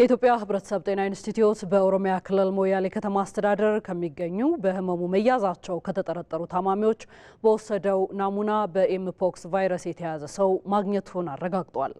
የኢትዮጵያ ሕብረተሰብ ጤና ኢንስቲትዩት በኦሮሚያ ክልል ሞያሌ ከተማ አስተዳደር ከሚገኙ በህመሙ መያዛቸው ከተጠረጠሩ ታማሚዎች በወሰደው ናሙና በኤምፖክስ ቫይረስ የተያዘ ሰው ማግኘቱን አረጋግጧል።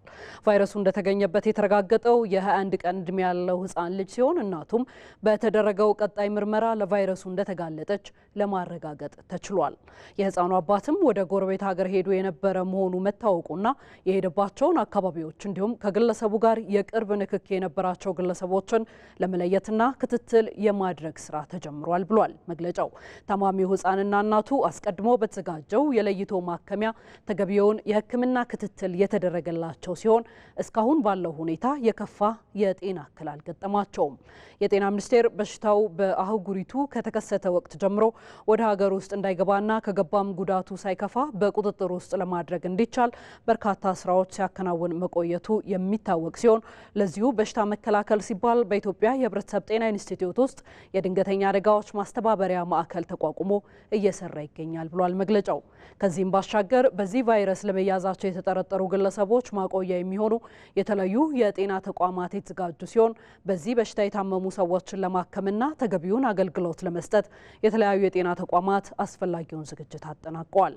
ቫይረሱ እንደተገኘበት የተረጋገጠው የ21 ቀን እድሜ ያለው ህፃን ልጅ ሲሆን እናቱም በተደረገው ቀጣይ ምርመራ ለቫይረሱ እንደተጋለጠች ለማረጋገጥ ተችሏል። የህፃኑ አባትም ወደ ጎረቤት ሀገር ሄዶ የነበረ መሆኑ መታወቁና የሄደባቸውን አካባቢዎች እንዲሁም ከግለሰቡ ጋር የቅርብ ንክክ የነበራ የነበራቸው ግለሰቦችን ለመለየትና ክትትል የማድረግ ስራ ተጀምሯል ብሏል መግለጫው። ታማሚው ህፃንና እናቱ አስቀድሞ በተዘጋጀው የለይቶ ማከሚያ ተገቢውን የህክምና ክትትል የተደረገላቸው ሲሆን እስካሁን ባለው ሁኔታ የከፋ የጤና እክል አልገጠማቸውም። የጤና ሚኒስቴር በሽታው በአህጉሪቱ ከተከሰተ ወቅት ጀምሮ ወደ ሀገር ውስጥ እንዳይገባና ከገባም ጉዳቱ ሳይከፋ በቁጥጥር ውስጥ ለማድረግ እንዲቻል በርካታ ስራዎች ሲያከናውን መቆየቱ የሚታወቅ ሲሆን ለዚሁ በሽታ መከላከል ሲባል በኢትዮጵያ የሕብረተሰብ ጤና ኢንስቲትዩት ውስጥ የድንገተኛ አደጋዎች ማስተባበሪያ ማዕከል ተቋቁሞ እየሰራ ይገኛል ብሏል መግለጫው። ከዚህም ባሻገር በዚህ ቫይረስ ለመያዛቸው የተጠረጠሩ ግለሰቦች ማቆያ የሚሆኑ የተለዩ የጤና ተቋማት የተዘጋጁ ሲሆን በዚህ በሽታ የታመሙ ሰዎችን ለማከምና ተገቢውን አገልግሎት ለመስጠት የተለያዩ የጤና ተቋማት አስፈላጊውን ዝግጅት አጠናቀዋል።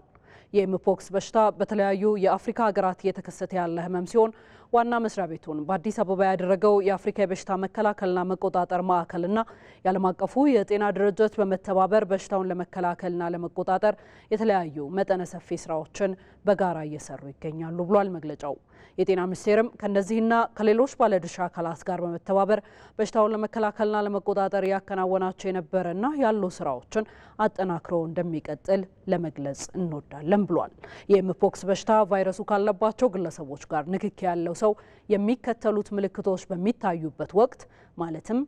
የኤምፖክስ በሽታ በተለያዩ የአፍሪካ ሀገራት እየተከሰተ ያለ ህመም ሲሆን ዋና መስሪያ ቤቱን በአዲስ አበባ ያደረገው የአፍሪካ የበሽታ መከላከልና መቆጣጠር ማዕከልና የዓለም አቀፉ የጤና ድርጅት በመተባበር በሽታውን ለመከላከልና ለመቆጣጠር የተለያዩ መጠነ ሰፊ ስራዎችን በጋራ እየሰሩ ይገኛሉ ብሏል መግለጫው። የጤና ሚኒስቴርም ከእነዚህና ከሌሎች ባለድርሻ አካላት ጋር በመተባበር በሽታውን ለመከላከልና ለመቆጣጠር ያከናወናቸው የነበረና ያሉ ስራዎችን አጠናክሮ እንደሚቀጥል ለመግለጽ እንወዳለን። አይደለም ብሏል። የኤምፖክስ በሽታ ቫይረሱ ካለባቸው ግለሰቦች ጋር ንክኪ ያለው ሰው የሚከተሉት ምልክቶች በሚታዩበት ወቅት ማለትም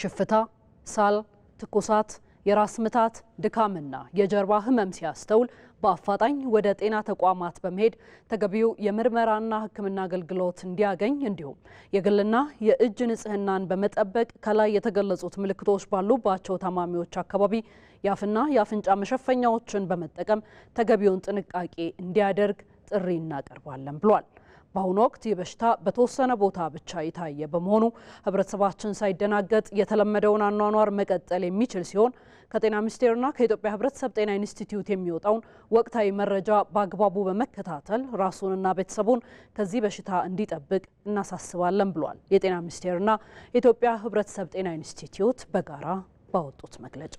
ሽፍታ፣ ሳል፣ ትኩሳት የራስ ምታት፣ ድካምና የጀርባ ህመም ሲያስተውል በአፋጣኝ ወደ ጤና ተቋማት በመሄድ ተገቢው የምርመራና ሕክምና አገልግሎት እንዲያገኝ እንዲሁም የግልና የእጅ ንጽህናን በመጠበቅ ከላይ የተገለጹት ምልክቶች ባሉባቸው ታማሚዎች አካባቢ የአፍና የአፍንጫ መሸፈኛዎችን በመጠቀም ተገቢውን ጥንቃቄ እንዲያደርግ ጥሪ እናቀርባለን ብሏል። በአሁኑ ወቅት ይህ በሽታ በተወሰነ ቦታ ብቻ የታየ በመሆኑ ህብረተሰባችን ሳይደናገጥ የተለመደውን አኗኗር መቀጠል የሚችል ሲሆን ከጤና ሚኒስቴርና ከኢትዮጵያ ህብረተሰብ ጤና ኢንስቲትዩት የሚወጣውን ወቅታዊ መረጃ በአግባቡ በመከታተል ራሱንና ቤተሰቡን ከዚህ በሽታ እንዲጠብቅ እናሳስባለን ብሏል። የጤና ሚኒስቴርና የኢትዮጵያ ህብረተሰብ ጤና ኢንስቲትዩት በጋራ ባወጡት መግለጫ